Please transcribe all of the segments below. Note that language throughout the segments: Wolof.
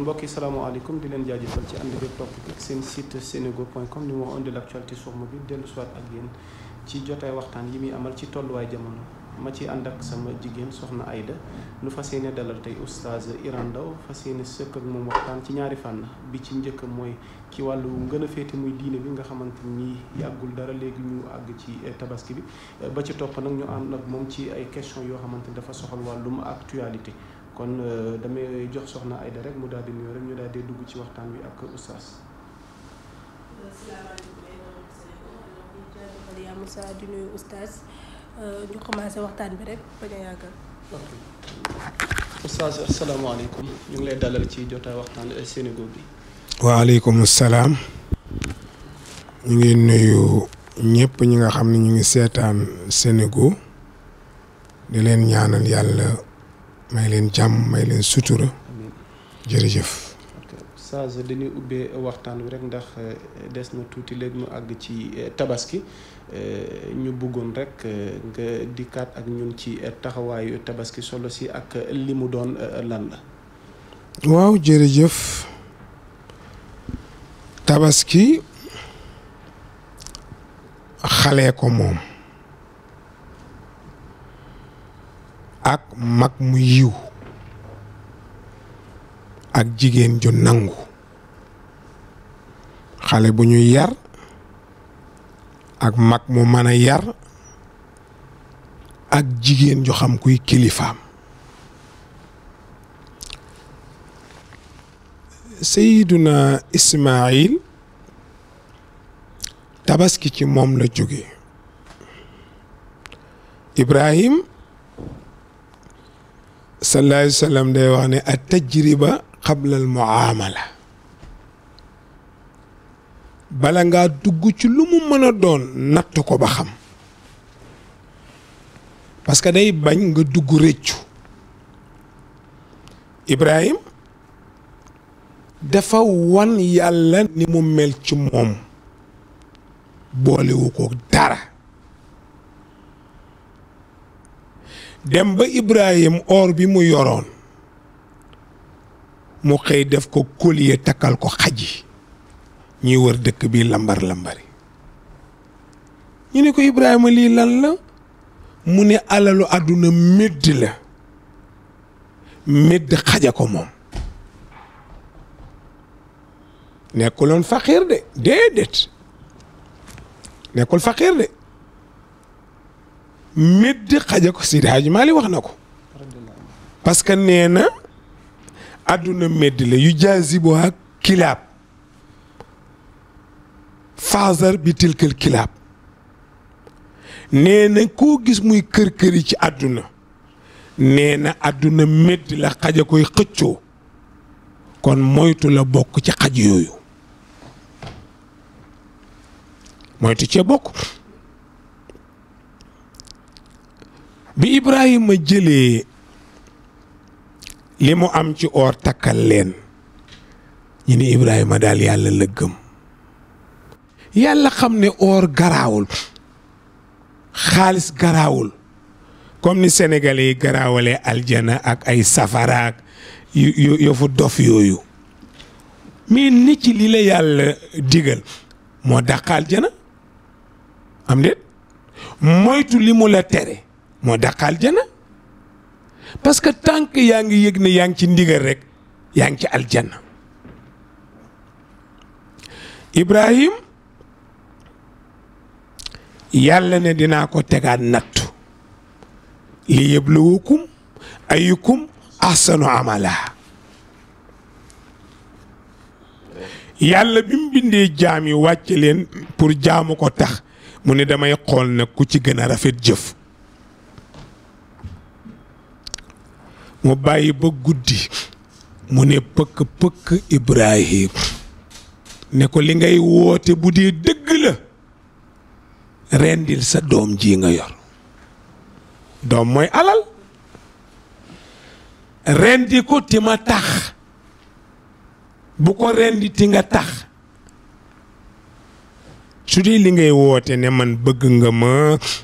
mbokk yi salaamaaleykum di leen jaajëfal ci ànd bi topp ak seen site comme numéro 1 de l' actualité sur mobile dellu soit ak yéen ci jotaay waxtaan yi muy amal ci tolluwaay jamono ma ci ànd ak sama jigéen soxna Aida nu fas yéene dalal tey oustaz Iran Ndao fas yéene sëkk ak moom waxtaan ci ñaari fànn bi ci njëkk mooy ci wàllu gën a féete muy diine bi nga xamante ni yàggul dara léegi ñu àgg ci eh, tabaski bi ba ci topp nag ñu am ak moom ci ay question yoo xamante ni dafa soxal wàllum actualité kon euh, damay jox soxna Aïda rek mu daal di nuyoo rek ñu daal di dugg ci waxtaan wi ak oustaz. yaa Moussa di nuyu ñu ngi lay dalal ci jotaay waxtaan Sénégal bi. waaleykum salaam. ñu ngi nuyu ñépp ñi nga xam ne ñu ngi seetaan Sénégal di leen ñaanal yàlla. may leen jàmm may leen sutura jërëjëf Oustaz dañuy ubbee waxtaan wi rek ndax euh, des na tuuti léegi mu àgg ci euh, tabaski euh, ñu bëggoon rek nga dikkaat ak ñun ci taxawaayu tabaski solo si ak li mu doon lan la. waaw jërëjëf tabaski xale ko moom. ak mag mu yiw ak jigéen ju nangu xale bu ñu yar ak mag mu mën a yar ak jigéen ju xam kuy kilifaam Seyduna Ismaayil tabaski ci moom la jóge Ibrahim sallallahu alayhi day wax ne a tajriba qabla al muamala bala ngaa dugg ci lu mu mën a doon natt ko ba xam parce que day bañ nga dugg rëccu Ibrahim dafa wan yàlla ni mu mel ci moom boolewu ko dara dem ba Ibrahim or bi mu yoroon mu xëy def ko collier takkal ko xaj ñuy wër dëkk bi lambar lambari ñu ni ko Ibrahima lii lan la mu ne alalu àdduna médd la médd xaja ko moom nekkuloon faqiir de déedéet nekkul faqiir de médd xaja ko Seydi Hadji Malick wax na ko parce que nee na àdduna médd la yu jaasibo ak kilaab faasar bi tilkal kilaab nee koo gis muy kër-këri ci àdduna neena na àdduna médd la xaja koy xëccoo kon moytu la bokk ci xaj yooyu moytu cee bokk bi Ibrahima jëlee li mu am ci or takkal leen ñu ni Ibrahima daal yàlla la yàlla xam ni or garaawul xaalis garaawul comme ni Sénégalais yi garaawalee aljana ak ay safaraak yu yëfu dof yooyu mais nit ci li la yàlla digal moo dàq aljana am déet moytu li mu la tere moo dàqaal jana parce que tant yaa ngi yëg ne yaa ngi ci ndigal rek yaa ngi ci aljana Ibrahim yàlla ne dinaa ko tegaat nattu li yabluwukum ayukum ahsanu amalaa yàlla bi mu bindee jaam yi wàcc leen pour jaamu ko tax mu ne damay xool nag ku ci gën a rafet jëf mu bàyyi ba guddi mu ne pëkk pëkk Ibrahim ne ko li ngay woote bu dee dëgg la rendil sa doom ji nga yor doom mooy alal rendi ko ti ma tax bu ko rendi ti nga tax su dee li ngay woote ne man bëgg nga ma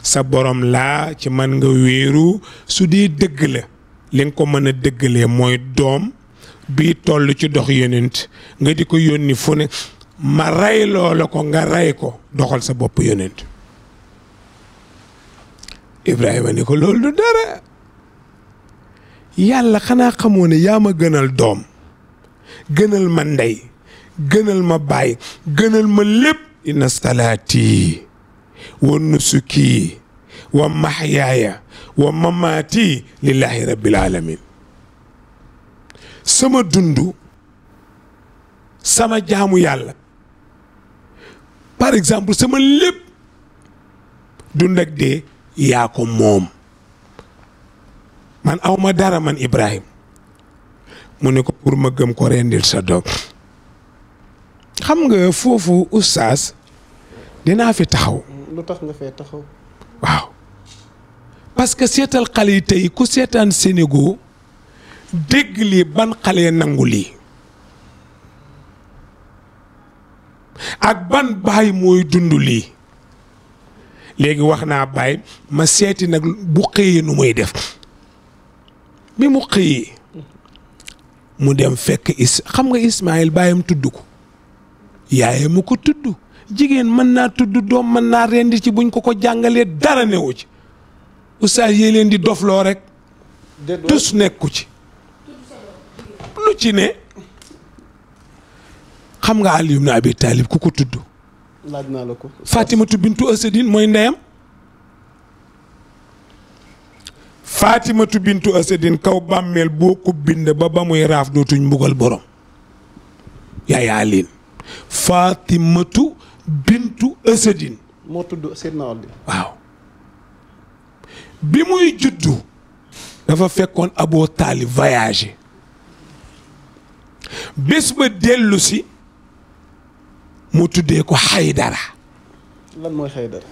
sa borom laa ci man nga wéeru su dee dëgg la li nga ko mën a dëggalee mooy doom bii toll ci dox yonent nga di ko yónni fu ne ma rey loola ko nga rey ko doxal sa bopp yonent Ibrahima ni ko loolu du dara yàlla xanaa xamoo ne yaa ma gënal doom gënal ma ndey gënal ma baay gënal ma lépp inna salaati wa nusuki wa maxyaaya wa mamaati lillahi rabbil alamin sama dundu sama jaamu yàlla par exemple sama lépp dund ak dee yaa ko moom man awma dara man Ibrahim mu ne ko pour ma gëm ko rendil sa doom xam nga foofu oustaz dinaa fi taxaw. nga fee taxaw. parce que seetal xale yi tey ku seetaan Sénégal dégg lii ban xale nangu lii ak ban baay mooy dund lii léegi wax naa baay ma seeti nag bu xëyee nu muy def bi mu xëyee mu dem fekk is xam nga Ismaayil baayam tudd ko yaayam mu ko tudd jigéen mën naa tudd doom mën naa rendi ci buñ ko ko jàngalee dara newu ci oustaz yee leen di dofloo rek tus nekku ci lu ci ne xam nga Ali ibn Abi Talib ku ko tudd laaj la ko Fatimatu bintu Asadin mooy ndeyam Fatimatu bintu Asadin kaw bàmmeel boo ko bind ba ba muy raaf dootuñ mbugal borom yaay aliin Fatimatu bintu Asadin moo tudd Seydina bi muy juddu dafa fekkoon aboo taalib voyagé bés ba dellu mu tuddee ko xaydara lan mooy xaydara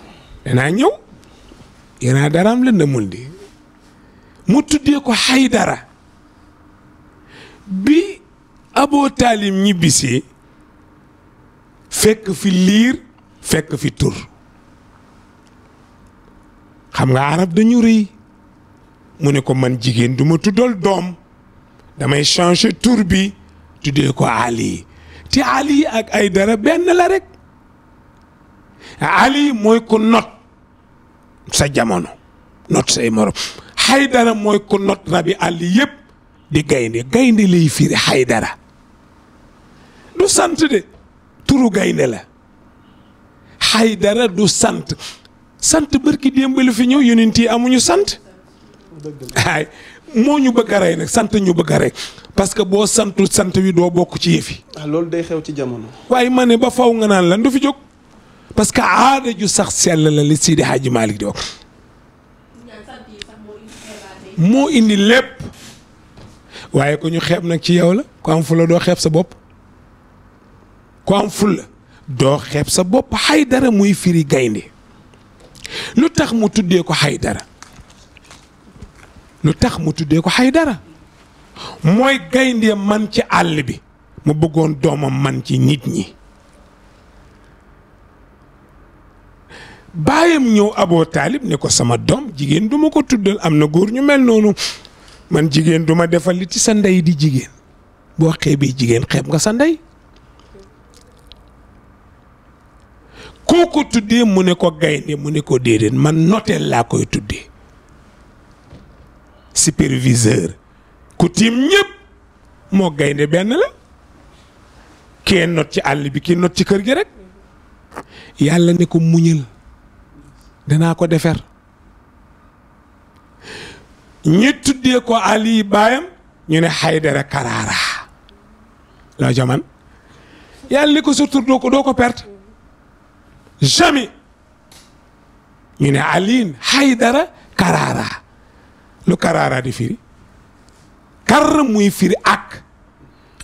danaa ñëw yenaa daraam la ndamul di mu tuddee ko xaydara bi aboo taalim ñibbisee fekk fi liir fekk fi tur xam nga arab dañu rëy mu ne ko man jigéen du ma tuddal doom damay changer tur bi tuddee ko Ali te Ali ak ay dara benn la rek Ali mooy ko not sa jamono not say morom Haydara mooy ko not rabi àll yëpp di gaynde gaynde lay firi Haydara du sant de turu gaynde la Haydara du sant sant bërki démbali fi ñëw yonent yi amuñu sant ay moo ñu bëgg a rey nag sant ñu bëgg a rey parce que boo santu sant wi doo bokk ci yëf ah, loolu day xew ci jamono. waaye ma ne ba faw nga naan lan du fi jóg parce que aada ju sax sell la li Sidi Hadji Malick di wax. moo indi lépp. waaye ku ñu xeeb nag ci yow la ku am fula doo xeeb sa bopp ku doo xeeb sa bopp xay dara muy firi gaynde lu tax mu tuddee ko Haydara lu tax mu tuddee ko dara mooy gaynde man ci àll bi mu bëggoon doomam man ci nit ñi baayam ñëw aboo taalib ne ko sama doom jigéen duma ko tuddal am na góor ñu mel noonu man jigéen duma defal li ci sa ndey di jigéen boo xeebee jigéen xeeb nga sa ndey koo ko tuddee mu ne ko gaynde mu ne ko déedéet man noteel laa koy tuddee superviseur ku tiim ñëpp moo gaynde benn la kee not ci àll bi kii not ci kër gi rek yàlla ne ko muñal danaa ko defer ñi tuddee ko ali baayam ñu ne Haydara Karaara loo ca man yàlla ko sa doo ko doo ko perte jamais ñu ne Alioune Haydara Karara lu Karara di firi kar muy firi ak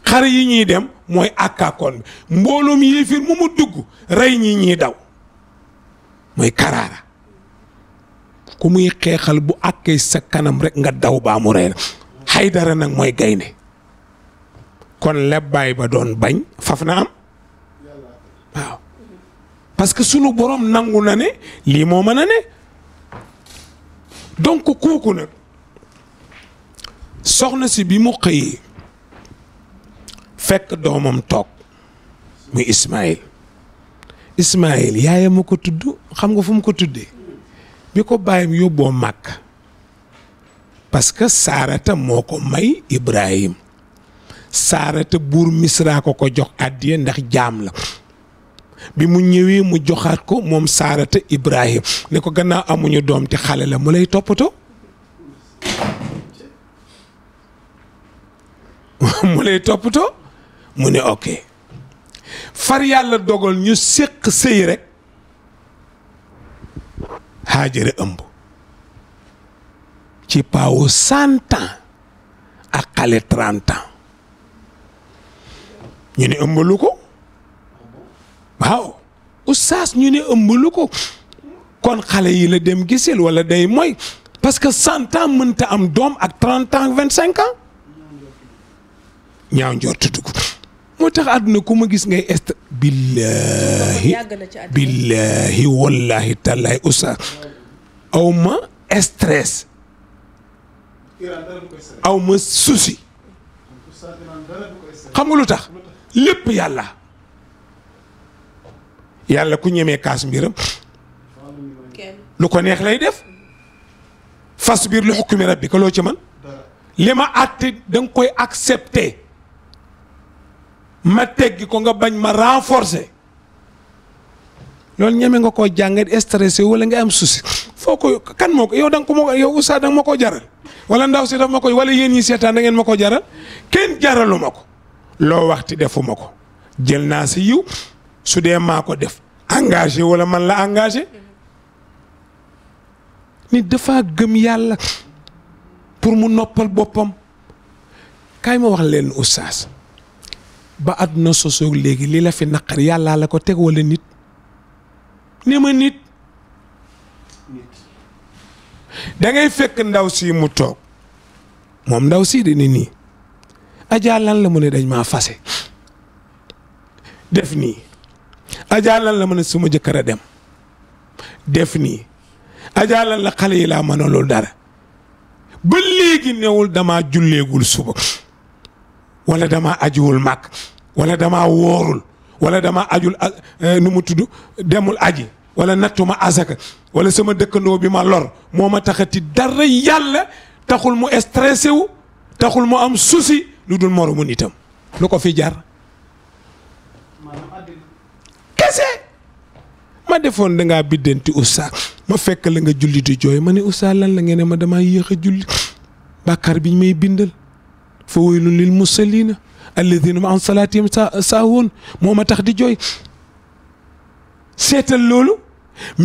xar yi ñuy dem mooy akkaakoon bi mbooloom yii fir mu mu dugg rey ñi ñuy daw mooy Karara ku muy xeexal bu àkkee sa kanam rekk nga daw baa mu rey la Haydara nag mooy gaynde kon lebbaay ba doon bañ faf na am waaw. parce que sunu borom nangu na ne lii moo mën a ne donc kooku nag soxna si bi mu xëyee fekk doomam toog muy Ismaïl Ismaïl yaayam ma ko tudd xam nga fu mu ko tuddee bi ko bàyyam yóbboo màkk parce que Saarata moo ko may Ibrahim Saarata buur Misra ko ko jox àddiya ndax jaam la bi mu ñëwee mu joxaat ko moom saarata Ibrahim ni ko gannaaw amuñu doom te xale la mu lay toppatoo mu toppatoo mu ne ok far yàlla dogal ñu séq sëy rek Haajara ëmb ci paawu cent ak xale trente ñu ne ëmbalu ko waaw oustaz ñu ne ëmb lu ko kon xale yi la dem gisil wala day mooy parce que cent ans mënta am doom ak trente ans vingt cinq ans ñaaw njortu dugg moo tax àdduna ku ma gis ngay est billaahi billaahi wallaahi tallaahi oustaz aw ma stress aw ma souci xam nga lu tax lépp yàlla yàlla ku ñemee kaas mbiram lu ko neex lay def fas biir lu xukumi rabbi ko loo ci man li ma àtte da nga koy accepter ma teggi ko nga bañ ma renforcer loolu ñeme nga koo jàngat stressé wala nga am souci foo ko kan moo ko yow da nga ko ma yow oustaz da nga ma koo jaral wala ndaw si daf ma koy wala yéen ñi seetaan da ngeen ma koo jaral kenn jaraluma ko loo waxti defuma ko jël naa si yiw su dee maa ko def engage wala man la engage nit dafa gëm yàlla pour mu noppal boppam kaay ma wax leen oustaz ba àdduna sosoog léegi lii la fi naqar yàllaa la ko teg wala nit ne ma nit da ngay fekk ndaw si mu toog moom ndaw sii di nii ajaa lan la mu ne dañ maa fase def nii Adja lan la mën a suma jëkkër a dem def nii Adja lan la xale yi laa mën a dara ba léegi newul damaa julleegul suba wala dama ajiwul màkk wala dama woorul wala dama ajul e, nu mu tudd demul aji wala nattuma asaka wala sama dëkkandoo bi ma lor moo ma taxati dara yàlla taxul mu stressé wu taxul mu am souci lu dul moromu itam lu ko fi jar. kese ma defoon dangaa biddanti oustaz ma fekk la nga julli di jooy ma ne oustaz lan la ngeen ma damaa yéex a julli bàkkaar bi ñu may bindal fa waylun lil musallina alladina ma an salaatihim sa saahoon moo ma tax di jooy seetal loolu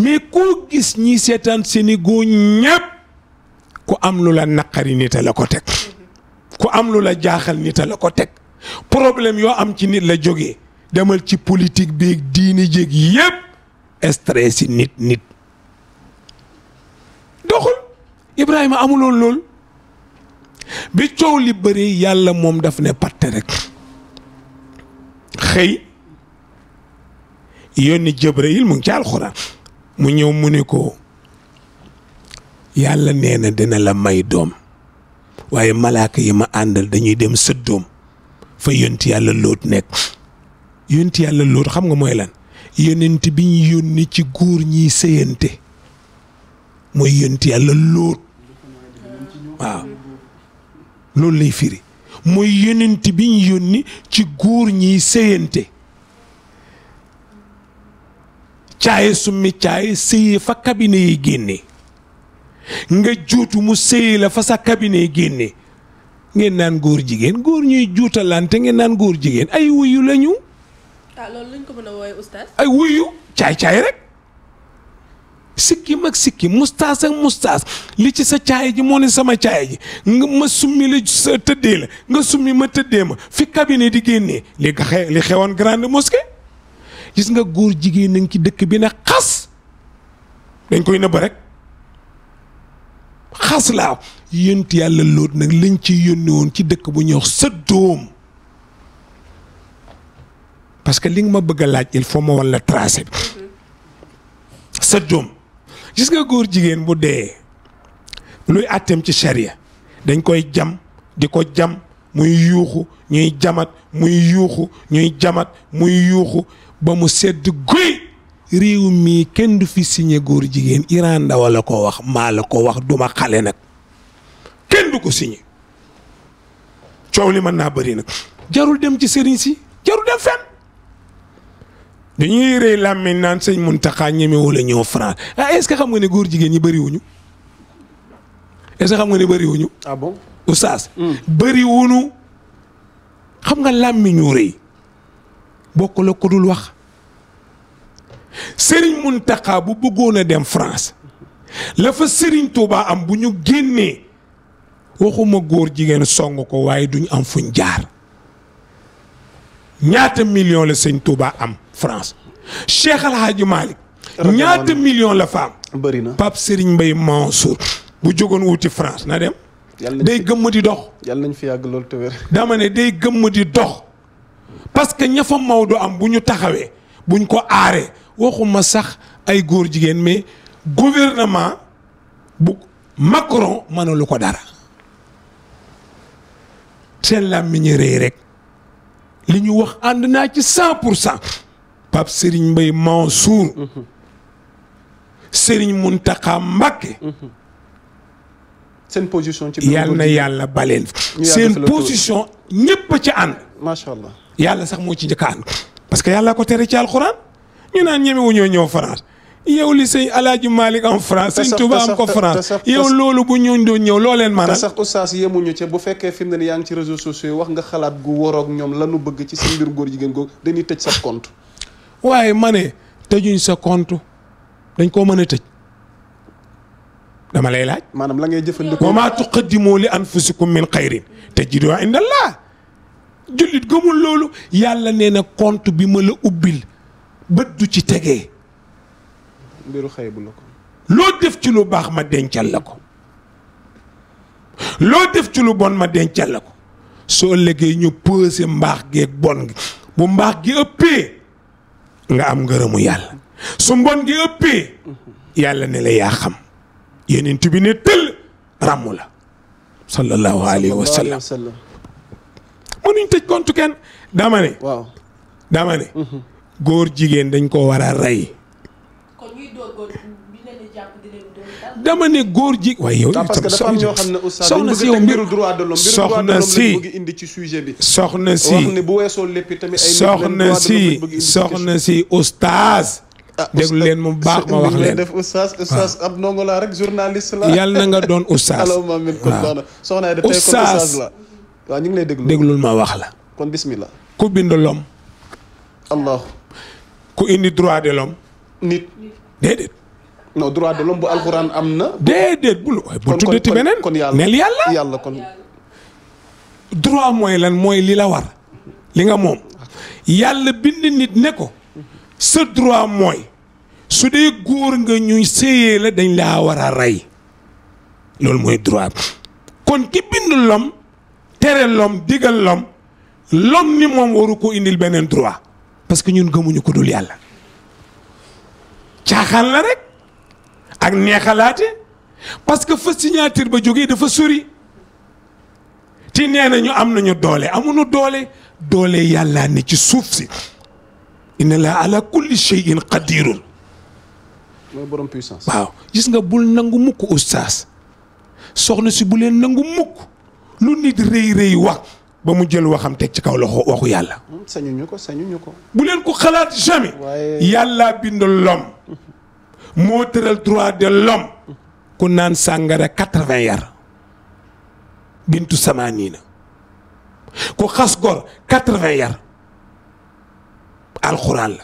mais koo gis ñi seetaan seeni góor ñépp ku am lu la naqari nit a la ko teg ku am lu la jaaxal nit a la ko teg problème yoo am ci nit la jóge demal ci politik bi diini jéeg yépp stress yi nit nit doxul Ibrahima amuloon lool bi coow li bëri yàlla moom daf ne patte rek xëy yónni Jibril mu ngi ci alxuraan mu ñëw mu ni ko yàlla nee na dina la may doom waaye malaaka yi ma àndal dañuy dem sëddoom fa yonti yàlla lóot nekk yonent yàlla loolu xam nga mooy lan yonent bi ñu yónni ci góor ñiy sëyante mooy yonent yàlla loot waaw loolu lay firi mooy yonent bi ñu yónni ci góor ñiy sëyante caaye summi caaye sëyee fa kabine yi génne nga juutu mu sëyee la fa sa kabine yi génne ngeen naan góor jigéen góor ñuy juutalante ngeen naan góor jigéen ay wuyu lañu ah lañ ko mën a woowee ay wuyu caay caay rek. sikki ak sikkim mustaas ak mustaas li ci sa caay ji moo ne sama caay ji nga ma summi la tëddee la nga summi ma tëddee ma fi cabinet di génnee li xewoon grande mosquée gis nga góor jigéen nañ ci dëkk bi ne xas dañ koy nëbb rek xas laa yént yàlla lóot nag lañ ci yónni woon ci dëkk bu ñëw sa doom parce que li nga ma bëgg laaj il faut ma wan la tracé bi sa doom gis nga góor jigéen bu dee luy àtteem ci charia dañ koy jam di ko jam muy yuuxu ñuy jamat muy yuuxu ñuy jamat muy yuuxu ba mu sedd guy réew mii kenn du fi signé góor jigéen Iran Ndaw la ko wax maa la ko wax duma xale nag kenn du ko signé coow li mën naa bari nag jarul dem ci sëriñ si jarul dem fenn dañuy rëy làmmiñ naan sëñ Muntaxa ñemewu la ñëw France ah est xam nga ne góor jigéen ñi bëriwuñu est xam nga ne bariwuñu ah bon hmm. xam nga làmmiñu rëy bokk la dul wax sëriñ Muntaxa bu bëggoon a dem France lafa fa sëriñ Touba am bu ñu génnee waxuma góor jigéen song ko waaye duñ am fuñ jaar ñaata million la sëñ tuubaa am. France Cheikh El Hadj ñaata million la fa am. bëri na Pape Serigne Mbaye Mansour. bu jógoon wuti France na dem. day gëmm di dox. yàlla nañ fi yàgg loolu te wér. dama ne day gëmm di dox parce que ña fa Maodo am bu ñu taxawee buñ ko aaree waxuma sax ay góor jigéen mais gouvernement bu Macron mënalu ko dara. seen làmmiñ rëy rek li ñu wax ànd naa ci cent pour cent. Pape Serigne Mbaye Mansour. Mhm. Serigne Mountakha Mbacké. Mhm. seen position ci yàlla na yàlla baleen. seen position ñëpp ci ànd. macha allah yàlla sax moo ci njëkk a ànd. parce yàlla ko tere ci alxuraan ñu naan ñeme wu ñëw France yow li sëñ Alaaji Malick en France. sëñ Touba ko France yow loolu bu ñu doon ñëw loo leen maanaam. sax oustaz yemuñu ca bu fekkee fi yaa ngi ci réseaux sociaux wax nga xalaat gu woroog ñoom lanu bëgg ci seen mbir góor jigéen googu dañuy tëj sa compte. waaye ma ne tëjuñ sa compte dañ koo mën a tëj dama laaj. maanaam la ngay jëfandikoo wa maa tuqaddimu li anfusikum min xayrin tajiduhu inda Allah jullit gëmul loolu yàlla nee na compte bi ma la ubbil bët du ci tegee. mbiru xaybu la ko. loo def ci lu baax ma dencal la ko. loo def ci lu bon ma dencal la ko. soo ëllëgee ñu peese mbaax geeg bon bu mbaax gi ëppee. nga am ngërëmu yàlla su mbon gi ëppee yàlla ne la yaa xam yeneen bi ne tëll ràmm la sallallahu alayhi wa sallam mënuñ tëj kontu kenn dama ne mhm. góor jigéen dañ koo war a rey dama ne góor ji. waaye yow itam soxna si yow mbir soxna si soxna si soxna si soxna si oustaz. déglu leen mu baax ma wax leen def oustaz ah. oustaz ab ndongo laa rek journaliste la. yàlla na nga doon oustaz. Ah. waaw ñu ngi lay déglu déglul ma wax la. kon bismillah. ku bind l'homme. Allah. ku indi droit de l'homme. nit déedéet. non droit de l'homme bu alxuraan am na. déedéet bul bu tuddati beneen kon yàlla neel yàlla. yàlla kon droit mooy lan mooy li la war li nga moom yàlla bind nit ne ko sa droit mooy su dee góor nga ñuy séyee la dañ laa war a rey loolu mooy droit kon ki bind lom tere lom digal l'homme l'homme ni moom waru ko indil beneen droit parce que ñun gëmuñu ko dul yàlla caaxaan la rek. ak neexalaate parce que fa signature ba jógee dafa sori ci nee nañu am nañu doole amuñu doole doole yàlla ne ci suuf si inna laa ala kulli shay'in qadirun mooy waaw gis nga bul nangu mukk oustaz soxna si bu leen nangu mukk lu nit rëy rëy wax ba mu jël waxam teg ci kaw loxo waxu yàlla. Hmm, sañuñu ko sañuñu ko. bu leen ko xalaat jamais. yàllaa bind l'homme moo tëral droit de l'homme ku naan sàngara quatre-vingts yar bintu samaaniina ku xas gor quatre-vingts yar alxuraan la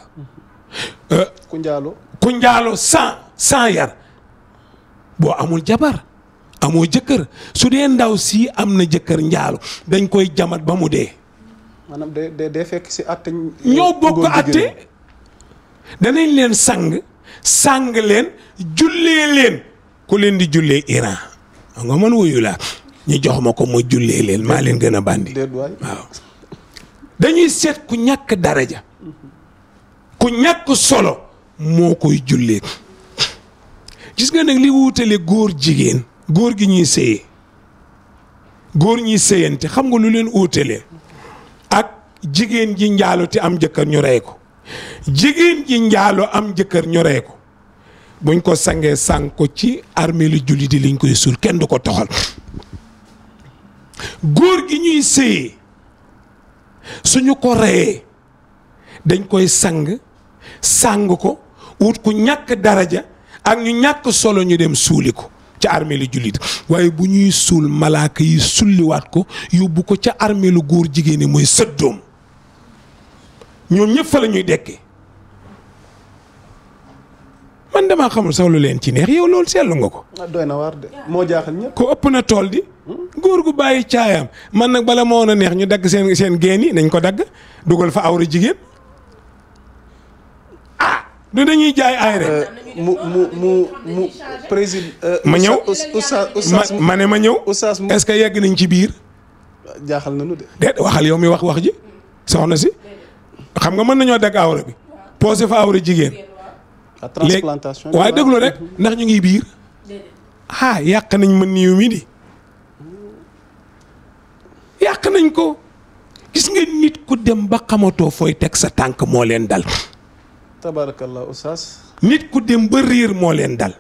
euh, ku njaalo ku njaalo cent yar boo amul jabar amoo jëkkër su dee ndaw sii am na jëkkër njaalo dañ koy jamat ba mu dee maanaam fekk si àtte ñoo bokk àtte danañ leen sang sàng leen jullee leen ku leen di jullee Iran xam nga man wuyu ñu jox ma ko mu jullee leen maa leen gën a bàndi waaw dañuy seet ku ñàkk daraja ku ñàkk solo moo koy jullee gis nga nag li wuutale góor jigéen góor gi ñuy sëyee góor ñuy sëyante xam nga lu leen wuutale ak jigéen ji njaalu te am jëkkër ñu rey ko jigéen ji njaaloo am jëkkër ñoree ko buñ ko sangee sànk ko ci armeelu jullit yi liñ koy suul kenn du ko toxal góor gi ñuy séyee suñu ko reyee dañ koy sang sang ko wut ku ñàkk daraja ak ñu ñàkk solo ñu dem suuli ko ca armeelu jullit waaye bu ñuy suul malaaka yi sulliwaat ko yóbbu ko ca armeelu góor jigéen yi mooy sëddoom ñoom ñëpp fa la ñuy dekkee man damaa xamul sax leen ci neex yow loolu seetlu nga ko. Ah, doy na waar moo jaaxal ñëpp. ko ëpp na tool di. góor gu bàyyi caayam man nag bala moo woon a neex ñu dagg seen seen géen yi nañ ko dagg dugal fa awra jigéen ah du dañuy jaay ay rek. Euh, euh, ma ñëw ma ne ma ñëw. est-ce que yegg nañ ci biir. jaaxal nañu de. waxal yow mi wax wax ji soxna si. xam nga mën nañoo dagg awra bi poosé fa awra jigéen. transplantation léegi waaye déglu ndax ñu ngi biir. ah yàq nañ ma niiw mi di yàq nañ ko gis nga nit ku dem ba xamatoo fooy teg sa tànk moo leen dal. tabarakallah oustaz. nit ku dém ba réer moo leen dal.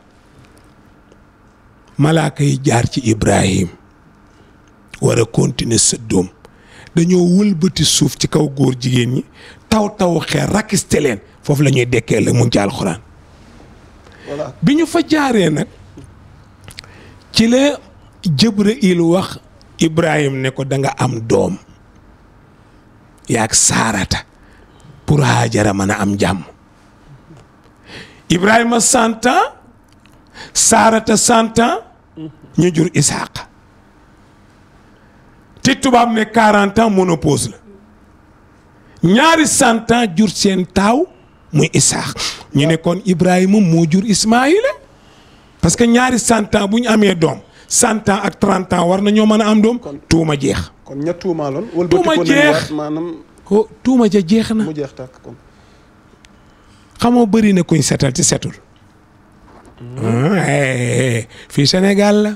malaaka yi jaar ci Ibrahim war a sa doom dañoo wëlbati suuf ci kaw góor jigéen ñi taw taw xeer rakiste leen foofu la ñuy dekkee la mu jaal xuraan bi ñu fa jaaree nag ci la Jibril wax Ibrahim ne ko danga am doom yaag saarata pour Haajara mën a am jàmm Ibrahima cent saarata cent ans ñu jur Isaaq te tubaab ne quarante ans ménopause la ñaari cent jur seen taaw muy Isaac ñu ne kon Ibrahima moo jur Ismaïla parce que ñaari cent ans bu ñu amee doom cent ak trente war na ñoo mën a am doom tuuma jeex. kon ña tuumaaloon. tuuma jeex maanaam ko oh, tuuma ja jeex na. mu jeex tàkk kon. xamoo bëri na kuñ setal ci setul. Mm-hmm. Ah, eh, eh, eh, fii Sénégal la.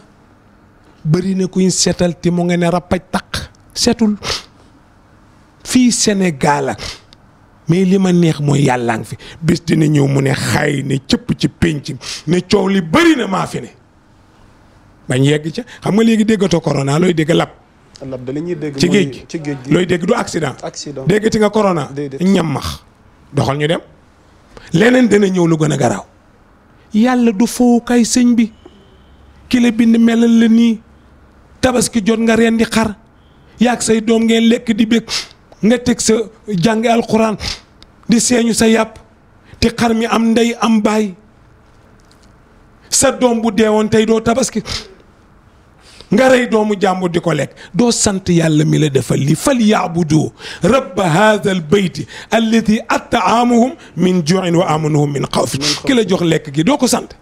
bëri na kuñ setal ti mu ngi ne rappaj taq setul. fii Sénégal mais li ma neex mooy yàllaa ngi fi bis dina ñëw mu ne xay ne cëpp ci pénc ne coow li bari na maa fi ne bañ yegg ca xam nga léegi déggatoo corona looy dégg lab. lab da la ñuy ci géej ci géej looy dégg du accident. accident déggati nga corona. ñammax doxal ñu dem. leneen dana ñëw lu gën a garaaw. yàlla du fowukaay sëñ bi kilo la bind melal la nii tabaski jot nga reen di xar yaag say doom ngeen lekk di bég nga teg sa jàng alxuraan di seeñu sa yàpp te xar mi am ndey am baay sa doom bu deewoon tey doo tabaski nga rey doomu jàmbur di ko lekk doo sant yàlla mi la defal li fal yaabudu rabba haada al bayti at at'amahum min juin wa amanahum min xawf ki la jox lekk gi doo ko sant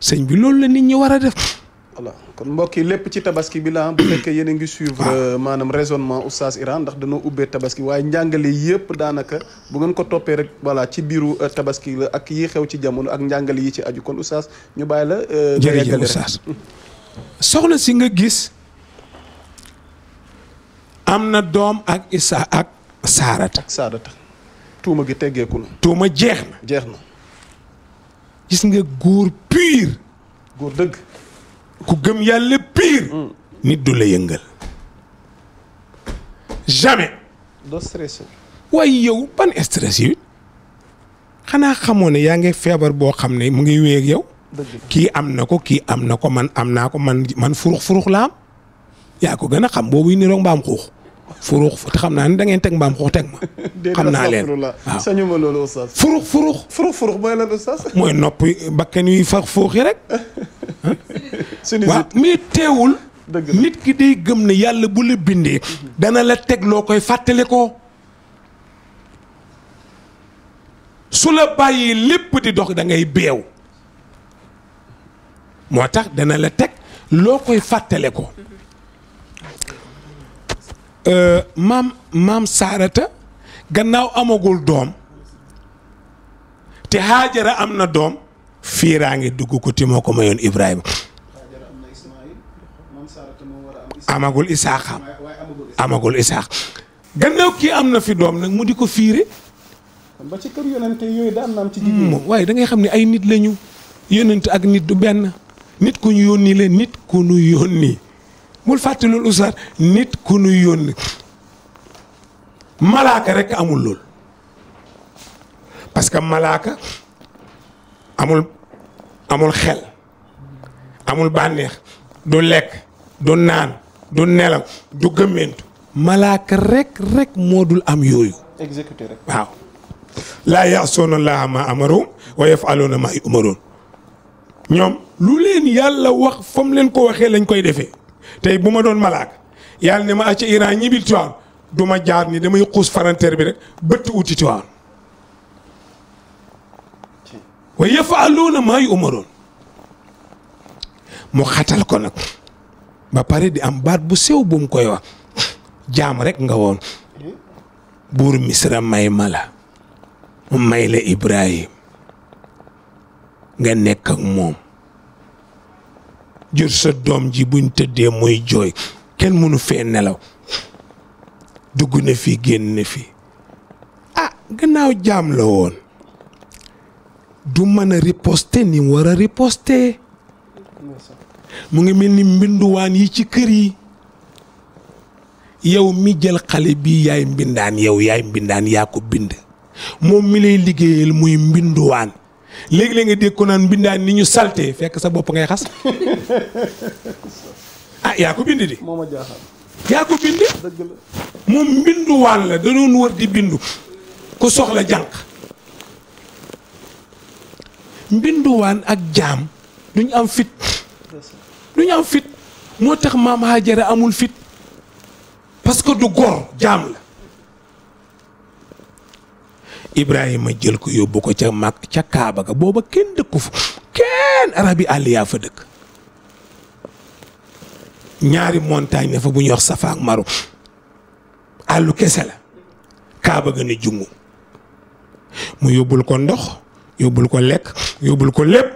sëñ bi loolu la nit ñi war a def voilà kon mbokk yi lépp ci tabaski bi la bu fekkee yéen a ngi suivre ah. euh, maanaam raisonnement oustaz Iran ndax dañoo ubbee tabaski waaye njàngale yëpp daanaka bu ngeen ko toppee rek voilà ci biiru euh, tabaski la ak yi xew ci jamono ak njàngale yi ci aju kon oustaz ñu bàyyi la. Euh, jërëjëf oustaz si nga gis am na doom ak Isa ak Saarata. ak Saarata tuuma gi teggeeku na. tuuma jeex na jeex na. gis nga góor pur. góor dëgg. ku gëm yàlla pire. nit du la yëngal. jamais. doo stressé. waaye ban stress yi xanaa xamoo ne yaa ngi feebar boo xam ne mu ngi wéy ak yow. kii am na ko kii am na ko man am naa ko man man furux furux yaa ko gën a xam boobu yi niroog mbaam xuux. furux te xam naa ne dangeen teg mbaam xux teg ma. xam naa leen waaw sañu furux furux. mooy lan noppi bakkan yuy fax fooxi rek. suñu waaw mais teewul. nit ki day gëm ne yàlla bu la bindee. Mhm. dana la teg loo koy fàttali ko. su la bàyyi lépp di dox dangay ngay beew. moo tax dana la teg loo koy fàttale ko. Mhm. Euh, maam maam saarata gannaaw amagul doom te haajara am na doom fiiraange dugg ko ti moo ko mayoon ibrahima amagul isaaqa amagul isaax gannaaw kii am na fi doom nag mu di ko fiire ba ci kër yonente yooyu hmm, waaye dangay xam ne ay nit lañu yonent ak nit du benn nit ku ñu yónni leen nit ku ñu yónni mul fàtte loolu oustaz nit ku yoon yónni malaaka rek amul lool parce que malaaka amul amul xel amul bànneex du lekk du naan du nelaw du gëmmentu malaaka rek rek moo dul am yooyu exécuté rek waaw laa yaasuuna allaha ma amarum wa yafaluuna ma yumaroon ñoom lu leen yàlla wax fam leen ko waxee lañ koy defee tey bu ma doon malaaka yàlla ne ma acca Iran ñibbil Tiwaawan du ma jaar ni damay xuus faranteer bi rek bëtt uti Tiwaawan wa yafaaluuna maa yu umaroon mu xatal ko nag ba pare di am baat bu sew bu koy wax jaam rek nga woon buur misra may mala la may la Ibrahim nga nekk moom jur sa doom ji buñ tëddee muy jooy kenn mënu fee nelaw dugg na fi génn na fi ah gannaaw jaam la woon du mën a riposter ni war a riposter mu ngi mel ni mbinduwaan yi ci kër yi yow mi jël xale bi yaay mbindaan yow yaay mbindaan yaa ko bind moom mi lay liggéeyal muy mbinduwaan léegi-léeg nga dégg ko naan mbindaan ni ñu salté fekk sa bopp ngay xas ah yaa ko bind di yaa ko bind dëgg moom mbinduwaan la da wër di bindu ku soxla jànq mbinduwaan ak jaam duñ am fit duñ am fit moo tax maam Hajara amul fit parce que du gor jaam la Ibrahima jël ko yóbbu ko ca mag ca Kaaba ga booba kenn dëkku fa kenn arabi àll yaa fa dëkk ñaari montagne fa bu ñuy wax Safa ak àllu kese la Kaaba ga ne jungu mu yóbbul ko ndox yóbbul ko lekk yóbbul ko lépp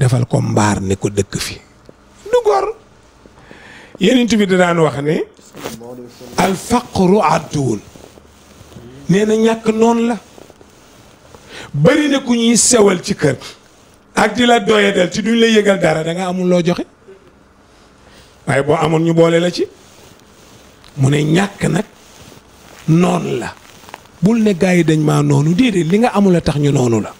defal ko mbaar ne ko dëkk fi du gor yenent da daan wax ne al faqru adduun nee ñàkk noonu la bari na ku ñuy sewal ci kër ak di la doyadal ci duñ la yëgal dara danga amul loo joxe waaye boo amoon ñu boole la ci mu ne ñàkk nag noon la bul ne gars yi dañ maa noonu déedéet li nga amul a tax ñu noonu la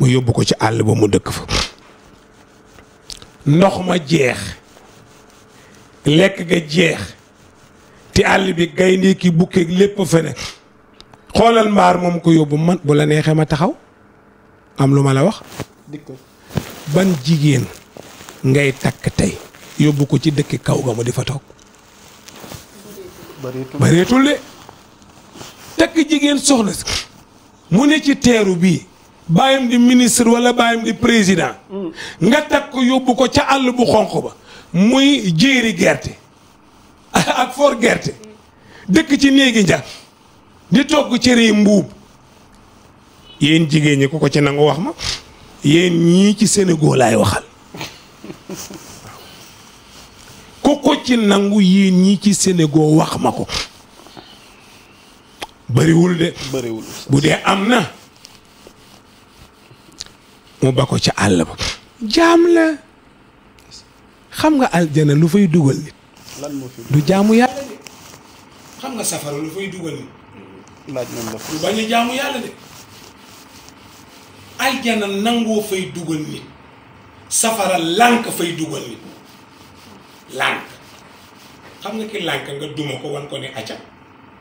mu yóbbu ko ci àll ba mu dëkk fa ndox ma jeex lekk ga jeex te àll bi gaynde ki bukkeeg lépp fene xoolal mbaar moom ko yóbbu man bu la neexee ma taxaw am lu ma la wax. ban jigéen ngay takk tey yóbbu ko ci dëkk kaw ga mu di fa toog. bareetul de takk jigéen soxna si mu ne ci teeru bii baayam di ministre walla bàyyam di président mm. nga takk yóbbu ko ca àll bu xonq ba muy jéeri gerte ak foor gerte dëkk ci néegi njax di togg cere mbuub yéen jigéen ñi ku ko ci nangu wax ma yéen ñii ci Sénégal laay waxal ku ko ci nangu yéen ñii ci Sénégal wax ma ko bariwul de bu dee am na mu ba ko ca àll ba jaam la xam nga aljana lu fay dugal nit lan moo du jaamu yàlla de xam nga safara lu fay dugal nit laaj nañ la. ñu bañ a jaamu yàlla de aljana nangoo fay dugal nit safara lànk fay dugal nit lànk xam nga ki lànk nga duma ko wan ko ne acam